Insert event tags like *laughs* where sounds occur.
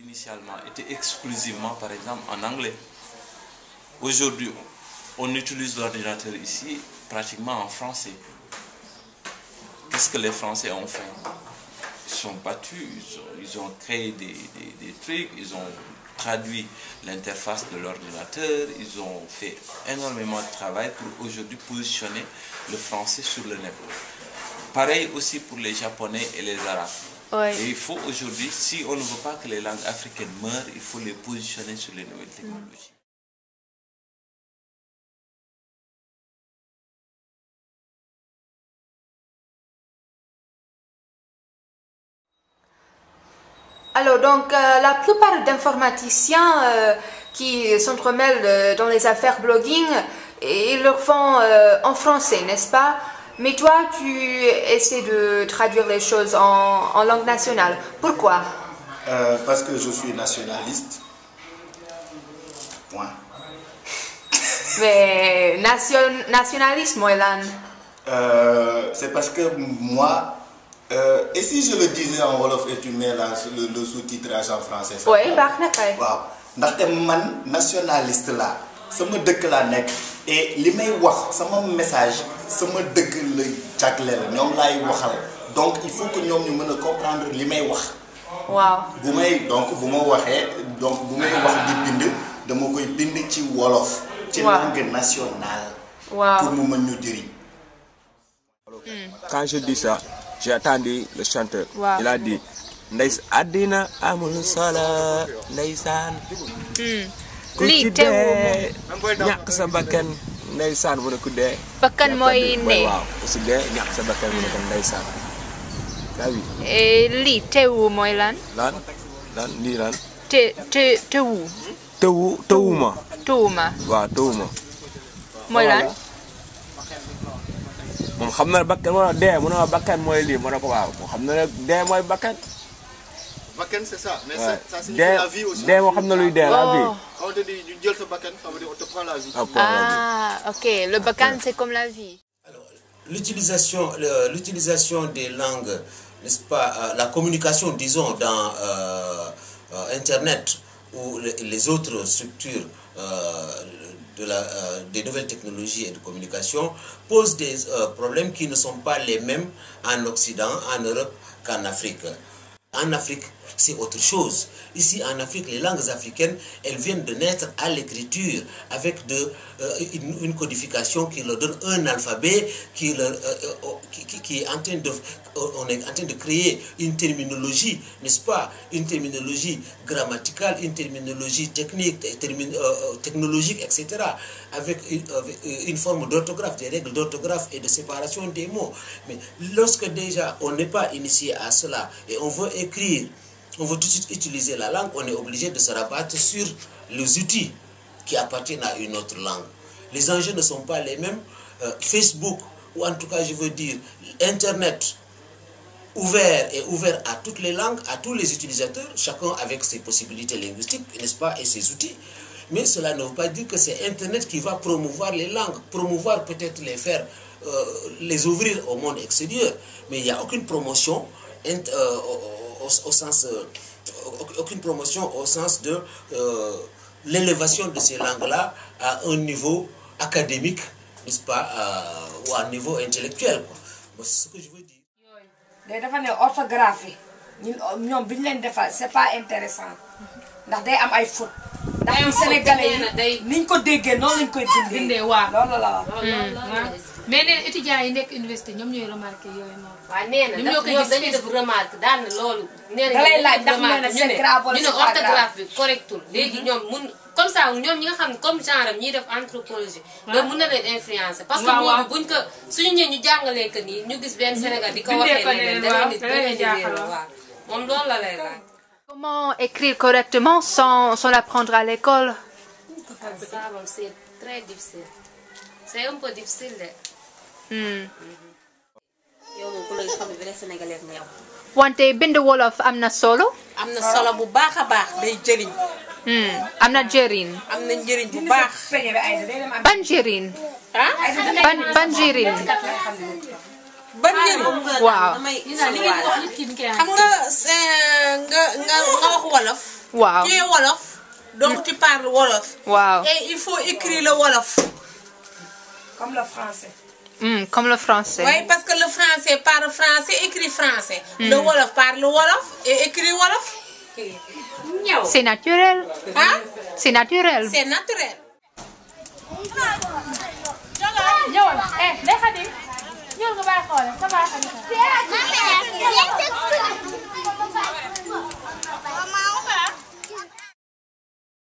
initialement était exclusivement par exemple en anglais. Aujourd'hui, on utilise l'ordinateur ici pratiquement en français. parce que les Français ont faim. Ils sont battus, ils ont, ils ont créé des, trucs, ils ont traduit l'interface de l'ordinateur, ils ont fait énormément de travail pour aujourd'hui positionner le français sur le net. Pareil aussi pour les Japonais et les Arabes. Ouais. Et il faut aujourd'hui, si on ne veut pas que les langues africaines meurent, il faut les positionner sur les nouvelles technologies. Alors donc euh, la plupart d'informaticiens euh, qui s'entremêlent euh, dans les affaires blogging, ils le font euh, en français, n'est-ce pas Mais toi, tu essaies de traduire les choses en, en langue nationale. Pourquoi euh, Parce que je suis nationaliste. Point. *laughs* Mais nation, nationalisme, Elan euh, C'est parce que moi, e et si je le disais en wolof et tu mets là le, le sous-titrage waaw ndaxte man nationaliste la sama dëkk laa nekk li may wax sama message sama dëkk la jagleel ñoom laay waxal donc il faut que ñoom ñu mën a comprendre li may wax. bu may donc bu ma waxee donc bu may wax di bind dama koy bind ci wolof. ci langue nationale. waaw pour mu mën ñu jëriñ. quand je dis j'ai attendu le chanteur. Wow. il a dit ndey àddina amul solo lii teewu mooy lan. lan lii lan. te te teewu. teewu teewuma. teewuma waaw mooy lan. moom xam na ne bakkan moo dee mu ne ma bakkan mooy lii mu ne ko waaw moom xam na ne dee mooy bakkan. bakkan c'est ça. mais ça signifie la vie aussi. dee moo xam na luy dee la oh. vie. on te dit ñu jël sa bakkan ça veut dire on te prend la vie. ah, ah ok le bakkan c'est comme la vie. alors l'utilisation l'utilisation des langues n'est-ce pas euh, la communication disons dans euh, euh, internet ou les autres structures. de la, euh, des nouvelles technologies et de communication posent des euh, problèmes qui ne sont pas les mêmes en Occident, en Europe qu'en Afrique. En Afrique, c'est autre chose. Ici, en Afrique, les langues africaines, elles viennent de naître à l'écriture, avec de, euh, une, codification qui leur donne un alphabet, qui, leur, euh, euh oh, est en train de, oh, on est de créer une terminologie, n'est-ce pas Une terminologie grammaticale, une terminologie technique, termin, euh, euh, technologique, etc. Avec une, avec euh, une forme d'orthographe, des règles d'orthographe et de séparation des mots. Mais lorsque déjà on n'est pas initié à cela et on veut écrire, on veut tout de suite utiliser la langue, on est obligé de se rabattre sur les outils qui appartiennent à une autre langue. Les enjeux ne sont pas les mêmes. Euh, Facebook, ou en tout cas je veux dire Internet, ouvert et ouvert à toutes les langues, à tous les utilisateurs, chacun avec ses possibilités linguistiques, n'est-ce pas, et ses outils. Mais cela ne veut pas dire que c'est Internet qui va promouvoir les langues, promouvoir peut-être les faire, euh, les ouvrir au monde extérieur. Mais il au, au sens, euh, aucune promotion au sens de euh, l'élévation de ces langues-là à un niveau académique, n'est-ce pas, euh, ou niveau intellectuel. C'est ce que je veux dire. day dafa ne orthographe ñoom bi ñu leen defal c'est pas intéressant ndax day am ay faute ndax ñun sénégalais yi ñu ko déggee noonu lañ koy dindee waaw loolu la waaw mm. mais neen étudiants yi nekk université ñoom ñooy remarqué yooyu noonu. waaw nee na ndax ñoom dañuy def remarque daan na loolu. nee na ñu ne ñu orthographe bi correctul. léegi ñoom mun comme ça ñoom ñi nga xam ne comme genre am ñiy def anthropologie. waaw mun na leen influencer. parce que boobu buñ ko suñu ñëwee ñu jàngalee que nii ñu gis benn Sénégal di ko waxee leneen da leen di waaw moom loolu la lay laaj. comment écrire correctement sans sans l'apprendre à l'école. ça c'est très difficile c'est un peu difficile de. yow moom wante bind wolof am na solo. am na solo bu baax a baax day jëriñ. Mm. am na njëriñ. am na njëriñ bu baax. ban njëriñ. ah ban ban njëriñ. ban njëriñ. waaw xam eh, nga nga nga wax wolof. waaw kii wolof. donc tu parles wolof. waaw eh, Mm, comme le français. parce que le français par français, écrit français. Mm. Le Wolof parle Wolof écrit Wolof. C'est naturel. Hein? C'est naturel.